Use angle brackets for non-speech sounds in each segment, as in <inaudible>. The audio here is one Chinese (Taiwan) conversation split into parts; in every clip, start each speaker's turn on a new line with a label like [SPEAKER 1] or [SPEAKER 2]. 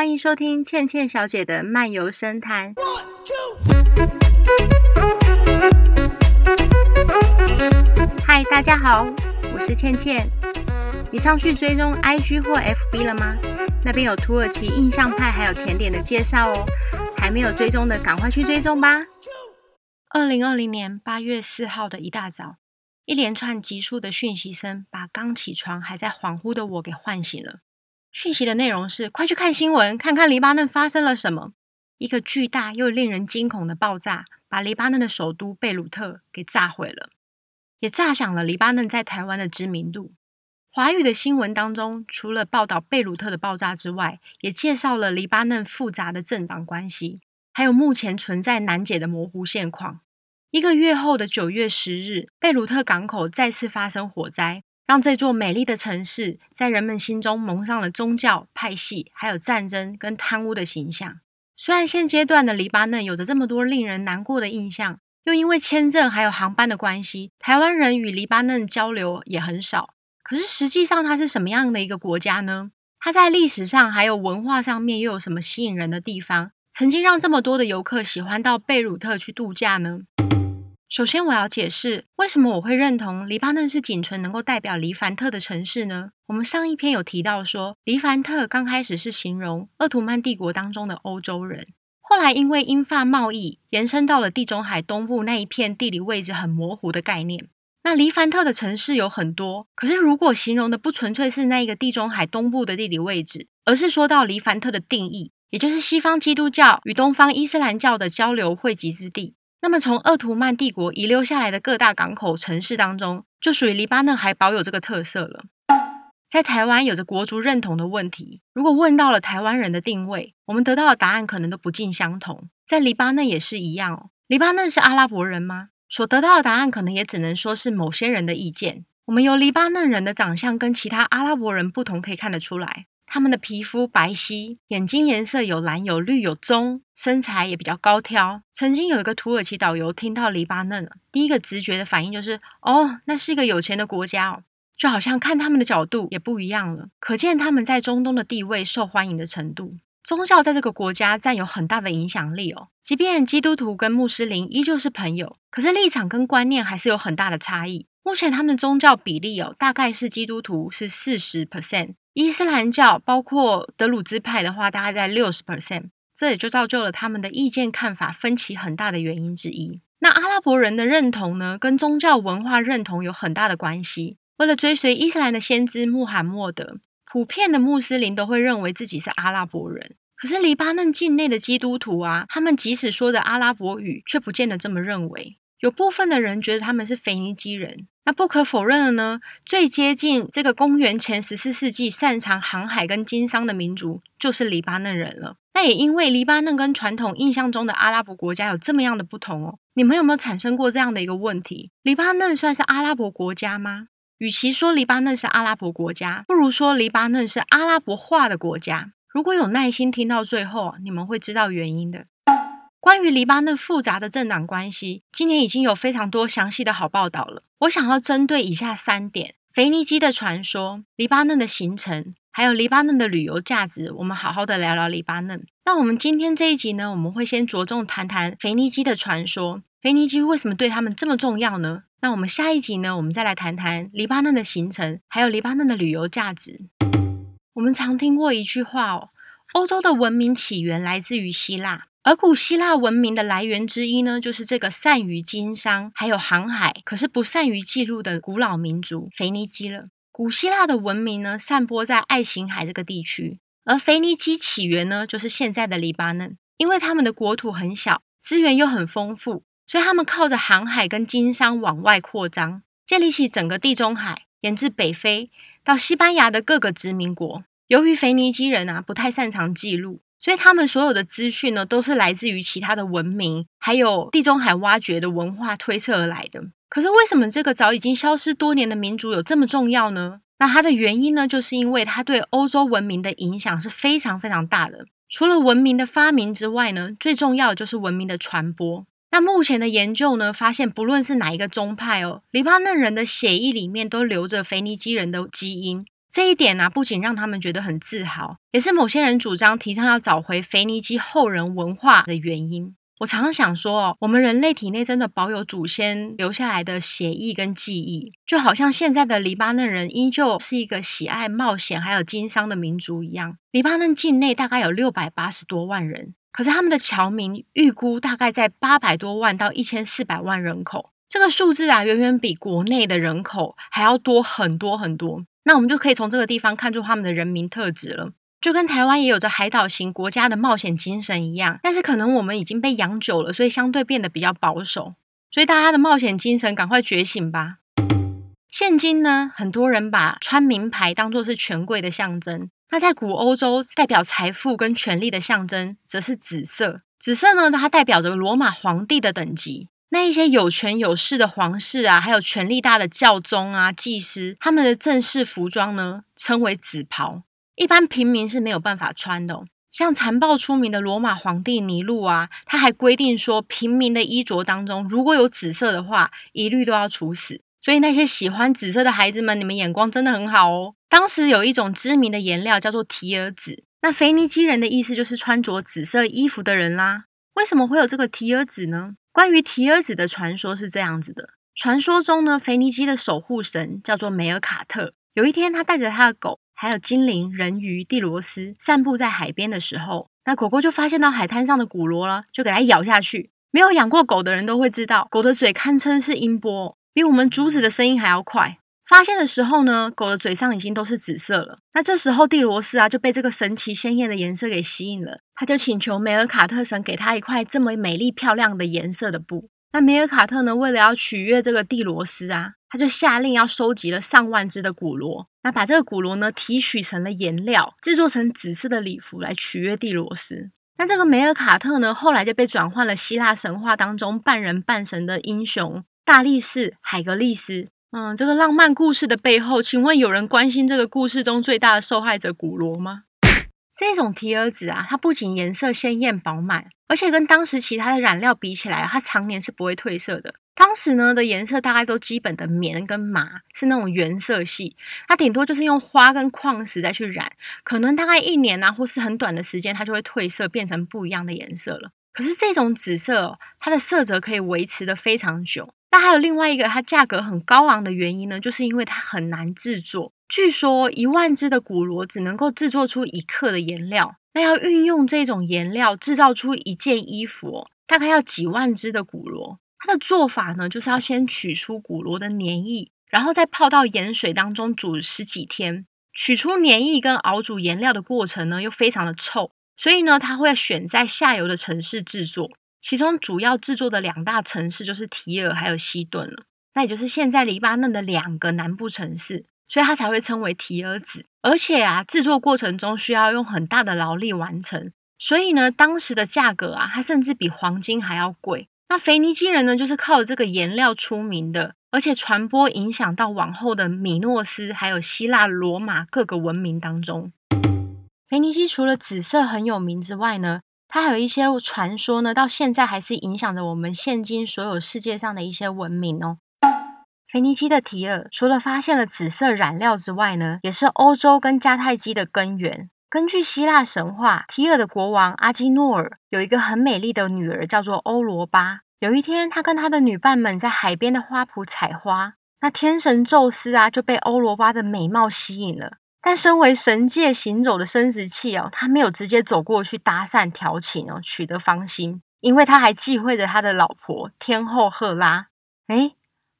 [SPEAKER 1] 歡迎收聽倩倩小姐的漫遊生潭。嗨，大家好，我是倩倩。你上去追蹤 IG 或 FB 了嗎？那邊有土耳其印象派還有甜點的介紹哦。還沒有追蹤的，趕快去追蹤吧。二零二零年八月四號的一大早，一連串急促的訊息聲把剛起床還在恍惚的我給喚醒了。訊息的內容是：快去看新聞，看看黎巴嫩發生了什麼。一個巨大又令人驚恐的爆炸，把黎巴嫩的首都貝魯特給炸毀了，也炸響了黎巴嫩在台灣的知名度。華語的新聞當中，除了報道貝魯特的爆炸之外，也介紹了黎巴嫩複雜的政黨關係，還有目前存在難解的模糊現況。一個月後的九月十日，貝魯特港口再次發生火災。讓這座美麗的城市在人們心中蒙上了宗教派系、還有戰爭跟貪污的形象。雖然現階段的黎巴嫩有着這麼多令人難過的印象，又因為簽證還有航班的關係，台灣人與黎巴嫩交流也很少。可是實際上它是什麼樣的一個國家呢？它在歷史上還有文化上面又有什麼吸引人的地方，曾經讓這麼多的遊客喜歡到貝魯特去度假呢？首先，我要解釋為什麼我會認同黎巴嫩是僅存能夠代表黎凡特的城市呢？我們上一篇有提到說，黎凡特剛開始是形容鄂圖曼帝國當中的歐洲人，後來因為英法貿易延伸到了地中海東部那一片地理位置很模糊的概念。那黎凡特的城市有很多，可是如果形容的不純粹是那一個地中海東部的地理位置，而是說到黎凡特的定義，也就是西方基督教與東方伊斯蘭教的交流匯集之地。那麼，從鄂圖曼帝國遺留下來的各大港口城市當中，就屬於黎巴嫩還保有這個特色了。在台灣有着國族認同的問題，如果問到了台灣人的定位，我們得到的答案可能都不盡相同。在黎巴嫩也是一樣哦。黎巴嫩是阿拉伯人嗎？所得到的答案可能也只能說是某些人的意見。我們由黎巴嫩人的長相跟其他阿拉伯人不同，可以看得出來。他們的皮膚白皙，眼睛顏色有藍、有藍、有綠、有棕，身材也比較高挑。曾經有一個土耳其導遊聽到黎巴嫩了，第一個直覺的反應就是：“哦，那是一個有錢的國家哦。”就好像看他們的角度也不一樣了，可見他們在中東的地位受歡迎的程度。宗教在這個國家佔有很大的影響力哦。即便基督徒跟穆斯林依舊是朋友，可是立場跟觀念還是有很大的差異。目前他們的宗教比例哦，大概是基督徒是四十 percent。伊斯蘭教包括德魯茲派的話，大概在六十 percent，這也就造就了他們的意見看法分歧很大的原因之一。那阿拉伯人的認同呢，跟宗教文化認同有很大的關係。為了追隨伊斯蘭的先知穆罕默德，普遍的穆斯林都會認為自己是阿拉伯人。可是黎巴嫩境內的基督徒啊，他們即使說的阿拉伯語，卻不見得這麼認為。有部分的人覺得他們是腓尼基人，那不可否認的呢，最接近這個公元前十四世紀擅長航海跟經商的民族就是黎巴嫩人了。那也因為黎巴嫩跟傳統印象中的阿拉伯國家有這麼樣的不同哦，你們有沒有產生過這樣的一個問題？黎巴嫩算是阿拉伯國家嗎？與其說黎巴嫩是阿拉伯國家，不如說黎巴嫩是阿拉伯化的國家。如果有耐心聽到最後，你們會知道原因的。關於黎巴嫩複雜的政黨關係，今年已經有非常多詳細的好報道了。我想要針對以下三點：腓尼基的傳說、黎巴嫩的形成，還有黎巴嫩的旅遊價值，我們好好的聊聊黎巴嫩。那我們今天這一集呢，我們會先着重談談腓尼基的傳說。腓尼基為什麼對他們這麼重要呢？那我們下一集呢，我們再來談談黎巴嫩的形成，還有黎巴嫩的旅遊價值。我們常聽過一句話哦，歐洲的文明起源來自於希臘。而古希臘文明的來源之一呢，就是這個善於經商還有航海，可是不善於記錄的古老民族腓尼基了。古希臘的文明呢，散播在愛琴海這個地區，而腓尼基起源呢，就是現在的黎巴嫩。因為他們的國土很小，資源又很豐富，所以他們靠着航海跟經商往外擴張，建立起整個地中海，沿至北非到西班牙的各個殖民國。由於腓尼基人啊，不太擅長記錄。所以他們所有的資訊呢，都是來自於其他的文明，還有地中海挖掘的文化推測而來的。可是為什麼這個早已經消失多年的民族有這麼重要呢？那它的原因呢，就是因為它對歐洲文明的影響是非常非常大的。除了文明的發明之外呢，最重要的就是文明的傳播。那目前的研究呢，發現不論是哪一個宗派哦，黎巴嫩人的血液裡面都流着腓尼基人的基因。這一點呢、啊，不僅讓他們覺得很自豪，也是某些人主張提倡要找回腓尼基後人文化的原因。我常常想說，哦，我們人類體內真的保有祖先留下來的血液跟記憶，就好像現在的黎巴嫩人依舊是一個喜愛冒險還有經商的民族一樣。黎巴嫩境內大概有六百八十多萬人，可是他們的僑民預估大概在八百多萬到一千四百萬人口，這個數字啊，遠遠比國內的人口還要多很多很多。那我們就可以從這個地方看出他們的人民特質了，就跟台灣也有着海島型國家的冒險精神一樣，但是可能我們已經被養久了，所以相對變得比較保守，所以大家的冒險精神趕快覺醒吧！現今呢，很多人把穿名牌當作是權貴的象徵，那在古歐洲代表財富跟權力的象徵則是紫色，紫色呢它代表着羅馬皇帝的等級。那一些有權有勢的皇室啊，還有權力大的教宗啊、祭司，他們的正式服裝呢，稱為紫袍。一般平民是沒有辦法穿的哦。像殘暴出名的羅馬皇帝尼祿啊，他還規定說，平民的衣着當中如果有紫色的話，一律都要處死。所以那些喜歡紫色的孩子們，你們眼光真的很好哦。當時有一種知名的顏料叫做提爾紫，那腓尼基人的意思就是穿着紫色衣服的人啦。為什麼會有這個提爾紫呢？關於提爾紫的傳說，是這樣子的：傳說中呢，腓尼基的守護神叫做梅爾卡特。有一天，他帶着他的狗，還有精靈、人魚、蒂羅斯，散步在海邊的時候，那狗狗就發現到海灘上的骨螺了，就給它咬下去。沒有養過狗的人都會知道，狗的嘴堪稱是音波，比我們竹子的聲音還要快。發現的時候呢，狗的嘴上已經都是紫色了。那這時候蒂羅斯啊就被這個神奇鮮豔的顏色給吸引了，他就請求梅爾卡特神給他一塊這麼美麗漂亮的顏色的布。那梅爾卡特呢，為了要取悅這個蒂羅斯啊，他就下令要收集了上萬隻的古螺，那把這個古螺呢提取成了顏料，製作成紫色的禮服來取悅蒂羅斯。那這個梅爾卡特呢，後來就被轉換了希臘神話當中半人半神的英雄大力士海格力斯。嗯，這個浪漫故事的背後，請問有人關心這個故事中最大的受害者骨螺嗎？這種提爾紫啊，它不僅顏色鮮艷飽滿，而且跟當時其他的染料比起來，它常年是不會褪色的。當時呢的顏色大概都基本的棉跟麻是那種原色系，它頂多就是用花跟礦石再去染，可能大概一年啊，或是很短的時間，它就會褪色變成不一樣的顏色了。可是這種紫色、哦，它的色澤可以維持得非常久。那還有另外一個它價格很高昂的原因呢，就是因為它很難製作。據說一萬隻的骨螺只能夠製作出一克的顏料，那要運用這種顏料製造出一件衣服哦，大概要幾萬隻的骨螺。它的做法呢，就是要先取出骨螺的粘液，然後再泡到鹽水當中煮十幾天。取出粘液跟熬煮顏料的過程呢，又非常的臭，所以呢，它會選在下游的城市制作。其中主要製作的兩大城市就是提爾還有西頓了，那也就是現在黎巴嫩的兩個南部城市，所以它才會稱為提爾紫。而且啊，製作過程中需要用很大的勞力完成，所以呢，當時的價格啊，它甚至比黃金還要貴。那腓尼基人呢，就是靠這個顏料出名的，而且傳播影響到往後的米諾斯、還有希臘、羅馬各個文明當中。腓尼基除了紫色很有名之外呢，它還有一些傳說呢，到現在還是影響着我們現今所有世界上的一些文明哦。腓尼基的提爾除了發現了紫色染料之外呢，也是歐洲跟迦太基的根源。根據希臘神話，提爾的國王阿基諾爾有一個很美麗的女兒叫做歐羅巴。有一天，她跟她的女伴們在海邊的花圃採花，那天神宙斯啊就被歐羅巴的美貌吸引了。但身為神界行走的生殖器哦，他沒有直接走過去搭訕調情哦，取得芳心，因為他還忌諱着他的老婆天後赫拉。誒，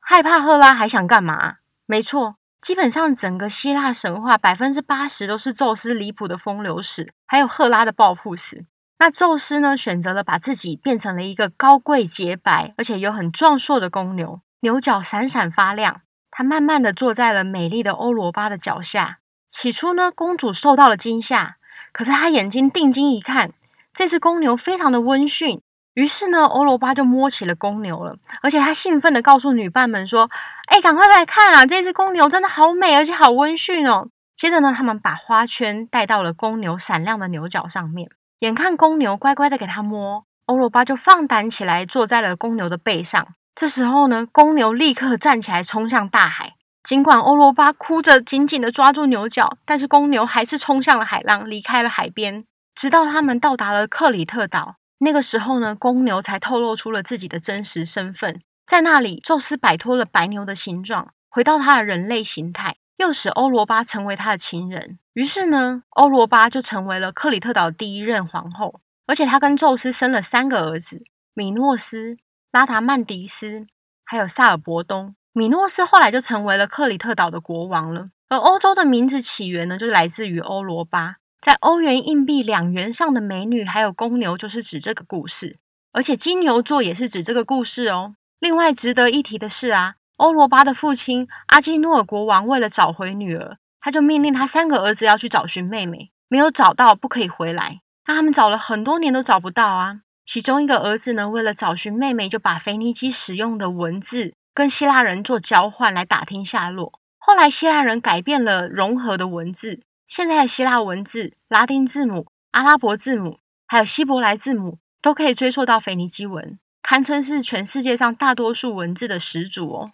[SPEAKER 1] 害怕赫拉還想幹嘛？沒錯，基本上整個希臘神話百分之八十都是宙斯離譜的風流史，還有赫拉的報復史。那宙斯呢，選擇了把自己變成了一個高貴潔白，而且又很壯碩的公牛，牛角閃閃發亮。他慢慢地坐在了美麗的歐羅巴的腳下。起初呢，公主受到了驚嚇，可是她眼睛定睛一看，這隻公牛非常的溫馴。於是呢，歐羅巴就摸起了公牛了，而且他興奮的告訴女伴們說：“哎，趕快來看啊，這隻公牛真的好美，而且好溫馴哦。”接着呢，他們把花圈帶到了公牛閃亮的牛角上面，眼看公牛乖乖的給他摸，歐羅巴就放膽起來，坐在了公牛的背上。這時候呢，公牛立刻站起來，衝向大海。儘管歐羅巴哭着緊緊地抓住牛角，但是公牛還是衝向了海浪，離開了海邊。直到他們到達了克里特島，那個時候呢，公牛才透露出了自己的真實身份。在那裡，宙斯擺脫了白牛的形狀，回到他的人類形態，又使歐羅巴成為他的情人。於是呢，歐羅巴就成為了克里特島的第一任皇後，而且他跟宙斯生了三個兒子：米諾斯、拉達曼迪斯，還有薩爾伯東。米諾斯後來就成為了克里特島的國王了，而歐洲的名字起源呢，就來自於歐羅巴。在歐元硬幣兩元上的美女還有公牛，就是指這個故事。而且金牛座也是指這個故事哦。另外值得一提的是啊，歐羅巴的父親阿基諾爾國王為了找回女兒，他就命令他三個兒子要去找尋妹妹，沒有找到不可以回來。那他們找了很多年都找不到啊。其中一個兒子呢，為了找尋妹妹，就把腓尼基使用的文字。跟希臘人做交換來打聽下落。後來希臘人改變了融合的文字。現在的希臘文字、拉丁字母、阿拉伯字母，還有希伯來字母，都可以追溯到腓尼基文，堪稱是全世界上大多數文字的始祖哦。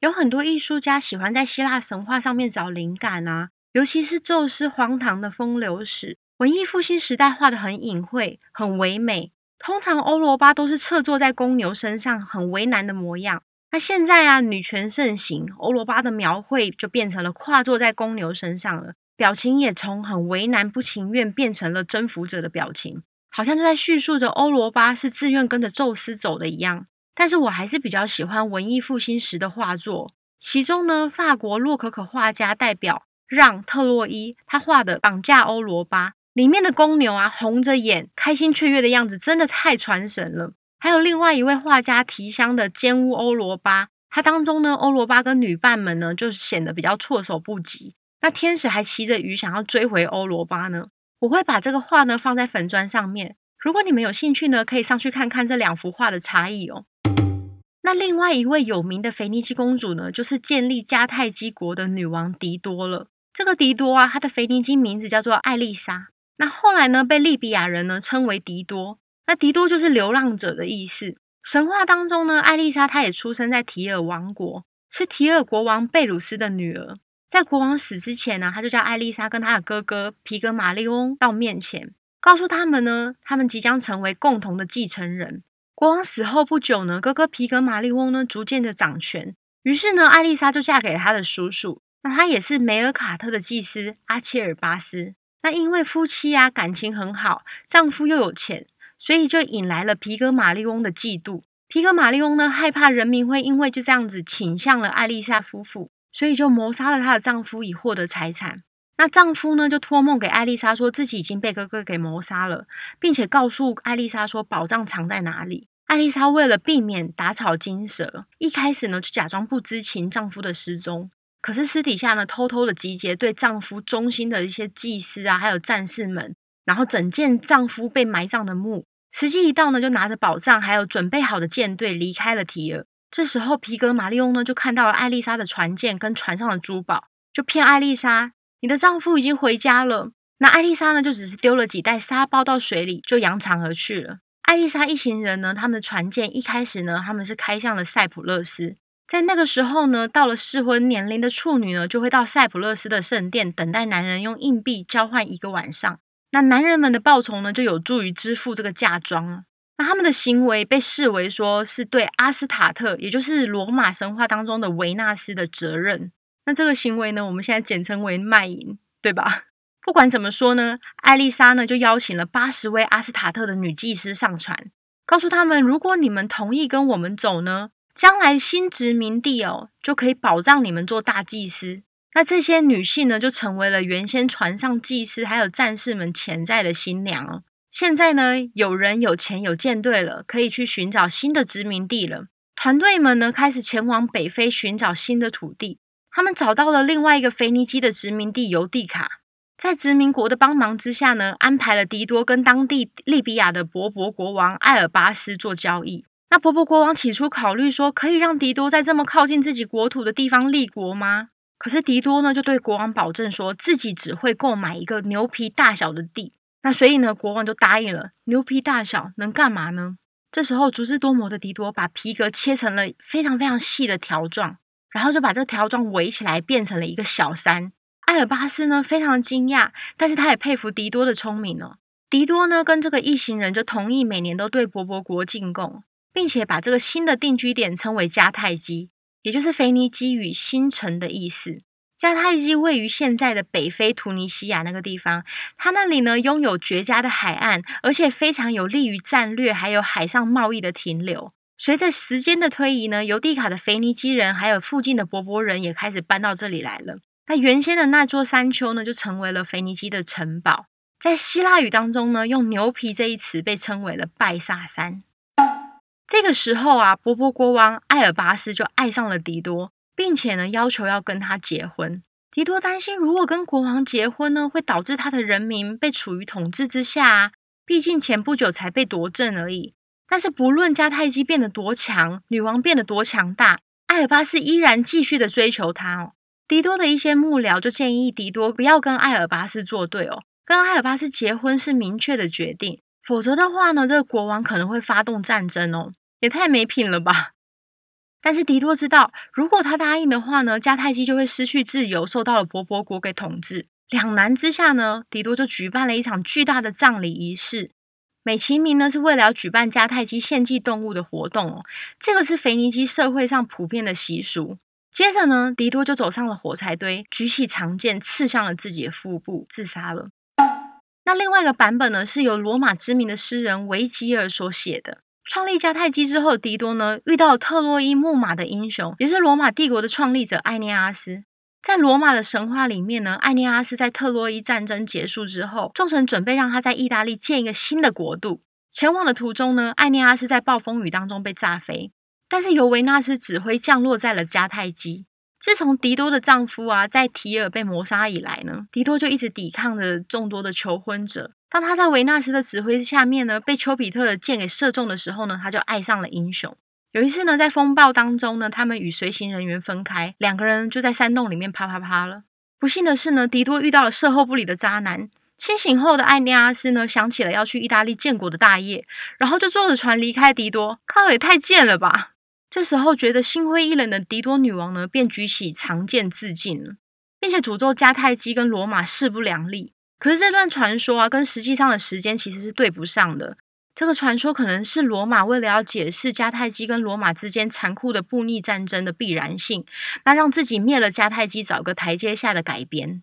[SPEAKER 1] 有很多藝術家喜歡在希臘神話上面找靈感啊，尤其是宙斯荒唐的風流史。文藝復興時代畫得很隱晦、很唯美，通常歐羅巴都是側坐在公牛身上，很為難的模樣。那現在啊，女權盛行，歐羅巴的描繪就變成了跨坐在公牛身上了，表情也從很為難、不情願變成了征服者的表情，好像就在敘述着歐羅巴是自願跟着宙斯走的一樣。但是我還是比較喜歡文藝復興時的畫作，其中呢，法國洛可可畫家代表讓特洛伊，他畫的《綁架歐羅巴》裡面的公牛啊，紅着眼、開心雀躍的樣子，真的太傳神了。還有另外一位畫家提香的《奸污歐羅巴》，他當中呢，歐羅巴跟女伴們呢，就是顯得比較措手不及。那天使還騎着魚想要追回歐羅巴呢。我會把這個畫呢放在粉專上面。如果你們有興趣呢，可以上去看看這兩幅畫的差異哦。那另外一位有名的腓尼基公主呢，就是建立迦太基國的女王狄多了。這個狄多啊，她的腓尼基名字叫做艾麗莎。那後來呢，被利比亞人呢稱為狄多。那狄多就是流浪者的意思。神話當中呢，艾麗莎她也出生在提爾王國，是提爾國王貝魯斯的女兒。在國王死之前呢、啊，他就叫艾麗莎跟她的哥哥皮格馬利翁到面前，告訴他們呢，他們即將成為共同的繼承人。國王死後不久呢，哥哥皮格馬利翁呢逐漸的掌權，於是呢，艾麗莎就嫁給了他的叔叔。那他也是梅爾卡特的祭司阿切爾巴斯。那因為夫妻啊感情很好，丈夫又有錢。所以就引來了皮格瑪利翁的嫉妒。皮格瑪利翁呢，害怕人民會因為就這樣子傾向了艾麗莎夫婦，所以就謀殺了她的丈夫以獲得財產。那丈夫呢，就託夢給艾麗莎，說自己已經被哥哥給謀殺了，並且告訴艾麗莎說寶藏藏在哪裡。艾麗莎為了避免打草驚蛇，一開始呢就假裝不知情丈夫的失蹤，可是私底下呢偷偷的集結對丈夫忠心的一些祭司啊，還有戰士們，然後整建丈夫被埋葬的墓。時機一到呢，就拿着寶藏，還有準備好的艦隊離開了提爾。這時候，皮格馬利翁呢就看到了艾麗莎的船艦跟船上的珠寶，就騙艾麗莎：“你的丈夫已經回家了。”那艾麗莎呢就只是丟了幾袋沙包到水裡，就揚長而去了。艾麗莎一行人呢，他們的船艦一開始呢，他們是開向了塞普勒斯。在那個時候呢，到了適婚年齡的處女呢，就會到塞普勒斯的聖殿等待男人用硬幣交換一個晚上。那男人們的報酬呢，就有助於支付這個嫁妝啊。那他們的行為被視為說是對阿斯塔特，也就是羅馬神話當中的維納斯的責任。那這個行為呢，我們現在簡稱為賣淫，對吧？ <laughs> 不管怎麼說呢，艾麗莎呢就邀請了八十位阿斯塔特的女祭司上船，告訴他們，如果你們同意跟我們走呢，將來新殖民地哦就可以保障你們做大祭司。那這些女性呢，就成為了原先船上祭司還有戰士們潛在的新娘。現在呢，有人有錢有艦隊了，可以去尋找新的殖民地了。團隊們呢，開始前往北非尋找新的土地。他們找到了另外一個腓尼基的殖民地尤地卡，在殖民國的幫忙之下呢，安排了狄多跟當地利比亞的柏柏國王埃爾巴斯做交易。那柏柏國王起初考慮說，可以讓狄多在這麼靠近自己國土的地方立國嗎？可是迪多呢，就對國王保證說自己只會購買一個牛皮大小的地，那所以呢，國王就答應了。牛皮大小能幹嘛呢？這時候足智多謀的迪多把皮革切成了非常非常細的條狀，然後就把這個條狀圍起來，變成了一個小山。艾爾巴斯呢，非常驚訝，但是他也佩服迪多的聰明了。迪多呢，跟這個一行人就同意每年都對博博國進貢，並且把這個新的定居點稱為迦太基。也就是腓尼基語“新城”的意思。迦太基位於現在的北非突尼西亞那個地方，它那裡呢擁有絕佳的海岸，而且非常有利於戰略還有海上貿易的停留。隨着時間的推移呢，尤地卡的腓尼基人還有附近的勃勃人也開始搬到這裡來了。那原先的那座山丘呢，就成為了腓尼基的城堡。在希臘語當中呢，用“牛皮”這一詞被稱為了拜薩山。這個時候啊，波波國王艾爾巴斯就愛上了狄多，並且呢要求要跟他結婚。狄多擔心，如果跟國王結婚呢，會導致他的人民被處於統治之下啊，畢竟前不久才被奪政而已。但是不論迦太基變得多強，女王變得多強大，艾爾巴斯依然繼續的追求他。哦，狄多的一些幕僚就建議狄多不要跟艾爾巴斯作對哦，跟艾爾巴斯結婚是明確的決定，否則的話呢，這個國王可能會發動戰爭哦。也太沒品了吧！但是狄多知道，如果他答應的話呢，迦太基就會失去自由，受到了婆婆國給統治。兩難之下呢，狄多就舉辦了一場巨大的葬禮儀式，美其名呢是為了要舉辦迦太基獻祭動物的活動哦，這個是腓尼基社會上普遍的習俗。接着呢，狄多就走上了火柴堆，舉起長劍刺向了自己的腹部，自殺了。那另外一個版本呢，是由羅馬知名的詩人維吉爾所寫的。創立迦太基之後，狄多呢遇到特洛伊木馬的英雄，也是羅馬帝國的創立者艾涅阿斯。在羅馬的神話裡面呢，艾涅阿斯在特洛伊戰爭結束之後，眾神準備讓他在意大利建一個新的國度。前往的途中呢，艾涅阿斯在暴風雨當中被炸飛，但是由維納斯指揮降落在了迦太基。自從狄多的丈夫啊在提爾被謀殺以來呢，狄多就一直抵抗着眾多的求婚者。當他在維納斯的指揮下面呢被丘比特的箭給射中的時候呢，他就愛上了英雄。有一次呢，在風暴當中呢，他們與隨行人員分開，兩個人就在山洞裡面啪啪啪啪了。不幸的是呢，狄多遇到了售後不理的渣男。清醒後的艾涅阿斯呢，想起了要去意大利建國的大業，然後就坐着船離開狄多。靠，也太賤了吧！這時候，覺得心灰意冷的狄多女王呢，便舉起長劍自盡了，並且詛咒迦太基跟羅馬勢不兩立。可是這段傳說啊，跟實際上的時間其實是對不上的。這個傳說可能是羅馬為了要解釋迦太基跟羅馬之間殘酷的布匿戰爭的必然性，那讓自己滅了迦太基，找個台階下的改編。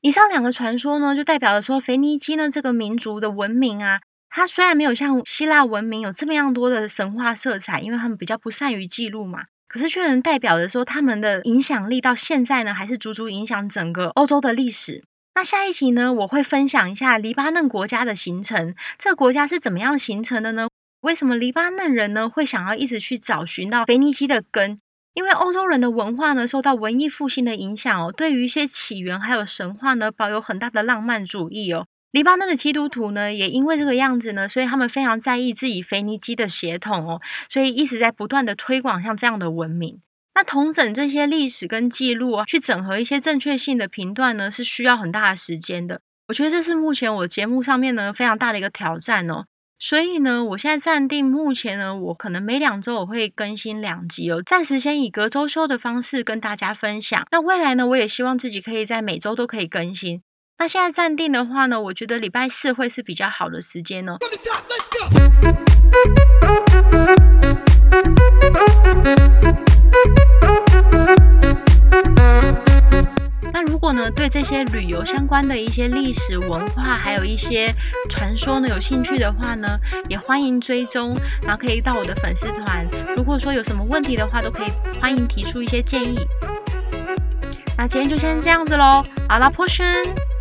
[SPEAKER 1] 以上兩個傳說呢，就代表了說，腓尼基呢這個民族的文明啊。它雖然沒有像希臘文明有這麼樣多的神話色彩，因為他們比較不善於記錄嘛。可是卻能代表著說，他們的影響力到現在呢，還是足足影響整個歐洲的歷史。那下一集呢，我會分享一下黎巴嫩國家的形成，這個國家是怎麼樣形成的呢？為什麼黎巴嫩人呢會想要一直去找尋到腓尼基的根？因為歐洲人的文化呢，受到文藝復興的影響哦，對於一些起源還有神話呢，保有很大的浪漫主義哦。黎巴嫩的基督徒呢，也因為這個樣子呢，所以他們非常在意自己腓尼基的血統哦，所以一直在不斷的推廣像這樣的文明。那統整這些歷史跟記錄啊，去整合一些正確性的評斷呢，是需要很大的時間的。我覺得這是目前我節目上面呢，非常大的一個挑戰哦。所以呢，我現在暫定目前呢，我可能每兩周我會更新兩集哦，暫時先以隔周休的方式跟大家分享。那未來呢，我也希望自己可以在每周都可以更新。那現在暫定的話呢，我覺得禮拜四會是比較好的時間哦。Let's go, let's go! 那如果呢，對這些旅遊相關的一些歷史文化，還有一些傳說呢有興趣的話呢，也歡迎追蹤，然後可以到我的粉絲團。如果說有什麼問題的話，都可以歡迎提出一些建議。那今天就先這樣子嘍，阿拉破生。Push!